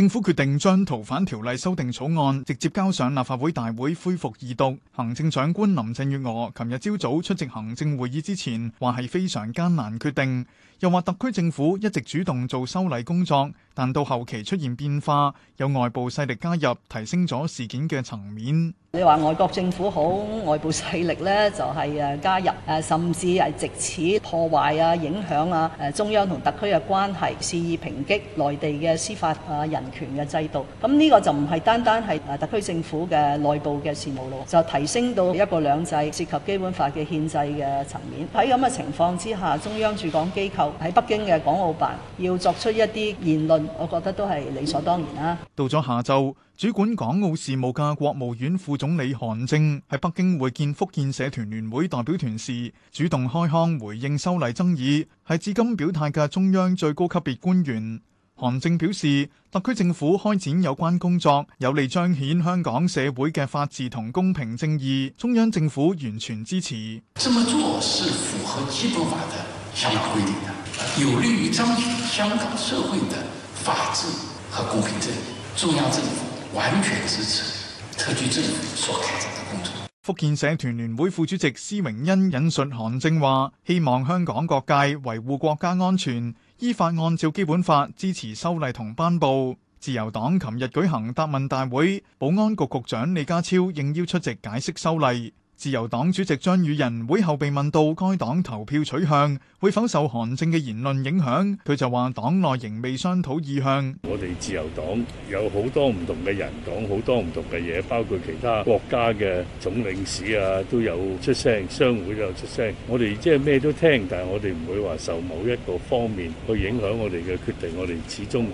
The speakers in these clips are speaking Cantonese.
政府決定將逃犯條例修訂草案直接交上立法會大會恢復二讀。行政長官林鄭月娥琴日朝早出席行政會議之前，話係非常艱難決定，又話特區政府一直主動做修例工作。但到後期出現變化，有外部勢力加入，提升咗事件嘅層面。你話外國政府好，外部勢力呢，就係、是、誒加入誒，甚至係藉此破壞啊、影響啊誒中央同特區嘅關係，肆意抨擊內地嘅司法啊、人權嘅制度。咁呢個就唔係單單係特區政府嘅內部嘅事務咯，就提升到一個兩制涉及基本法嘅憲制嘅層面。喺咁嘅情況之下，中央駐港機構喺北京嘅港澳辦要作出一啲言論。我覺得都係理所當然啦、啊。到咗下晝，主管港澳事務嘅國務院副總理韓正喺北京會見福建社團聯會代表團時，主動開腔回應修例爭議，係至今表態嘅中央最高級別官員。韓正表示，特區政府開展有關工作，有利彰顯香港社會嘅法治同公平正義，中央政府完全支持。這麼做是符合基本法的香港規定的，有利於彰顯香港社會的。法治和公平正義，中央政府完全支持特區政府所開展的工作。福建社團聯會副主席施榮恩引述韓正話：希望香港各界維護國家安全，依法按照基本法支持修例同頒布。自由黨琴日舉行答問大會，保安局局長李家超應邀出席解釋修例。自由黨主席張宇人會後被問到該黨投票取向會否受韓正嘅言論影響，佢就話黨內仍未商討意向。我哋自由黨有好多唔同嘅人講好多唔同嘅嘢，包括其他國家嘅總領事啊都有出聲，商會都有出聲。我哋即係咩都聽，但係我哋唔會話受某一個方面去影響我哋嘅決定。我哋始終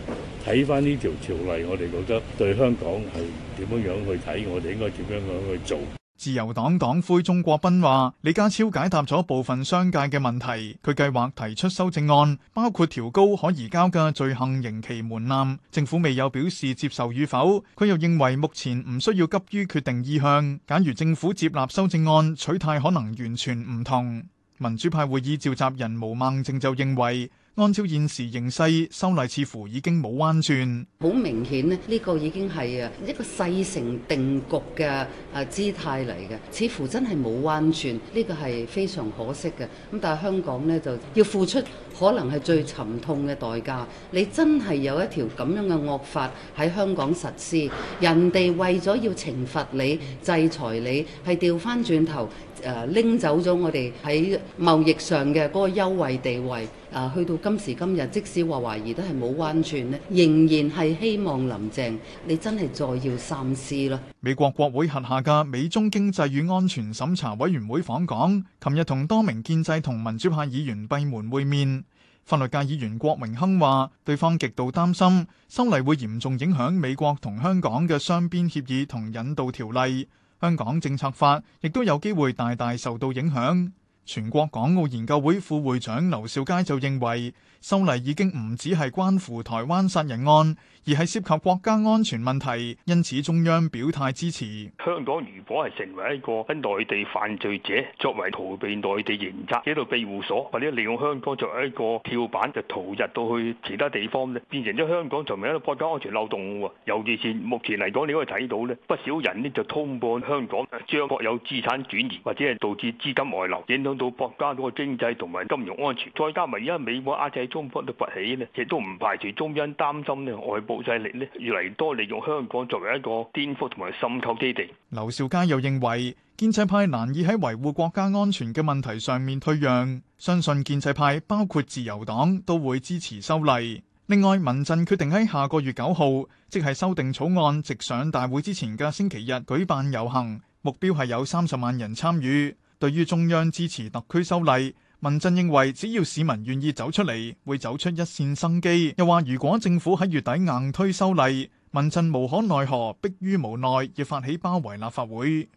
睇返呢條條例，我哋覺得對香港係點樣樣去睇，我哋應該點樣樣去做。自由黨黨魁鍾國斌話：李家超解答咗部分商界嘅問題，佢計劃提出修正案，包括調高可移交嘅罪行刑期門檻。政府未有表示接受與否。佢又認為目前唔需要急於決定意向。假如政府接納修正案，取態可能完全唔同。民主派會議召集人毛孟靜就認為。按照現時形勢，修例似乎已經冇彎轉。好明顯咧，呢、呢個已經係啊一個勢成定局嘅啊姿態嚟嘅，似乎真係冇彎轉。呢、呢個係非常可惜嘅。咁但係香港呢，就要付出可能係最沉痛嘅代價。你真係有一條咁樣嘅惡法喺香港實施，人哋為咗要懲罰你、制裁你，係掉翻轉頭。誒拎走咗我哋喺貿易上嘅嗰個優惠地位，啊去到今時今日，即使話懷疑都係冇彎轉咧，仍然係希望林鄭你真係再要三思啦。美國國會轄下嘅美中經濟與安全審查委員會訪港，琴日同多名建制同民主派議員閉門會面。法律界議員郭榮鏗話對方極度擔心修例會嚴重影響美國同香港嘅雙邊協議同引渡條例。香港政策法亦都有機會大大受到影響。全國港澳研究會副會長劉兆佳就認為，修例已經唔只係關乎台灣殺人案，而係涉及國家安全問題，因此中央表態支持。香港如果係成為一個跟內地犯罪者作為逃避內地刑責嘅度庇護所，或者利用香港作為一個跳板，就逃逸到去其他地方，變成咗香港成為一個國家安全漏洞。尤其是目前嚟講，你可以睇到不少人就通過香港將國有資產轉移，或者係導致資金外流，影到國家嗰個經濟同埋金融安全，再加埋因為美國壓制中國嘅崛起呢，亦都唔排除中央擔心呢，外部勢力呢越嚟越多利用香港作為一個顛覆同埋滲透基地。劉兆佳又認為建制派難以喺維護國家安全嘅問題上面退讓，相信建制派包括自由黨都會支持修例。另外，民陣決定喺下個月九號，即係修訂草案直上大會之前嘅星期日舉辦遊行，目標係有三十萬人參與。對於中央支持特區修例，民陣認為只要市民願意走出嚟，會走出一線生機。又話如果政府喺月底硬推修例，民陣無可奈何，迫於無奈要發起包圍立法會。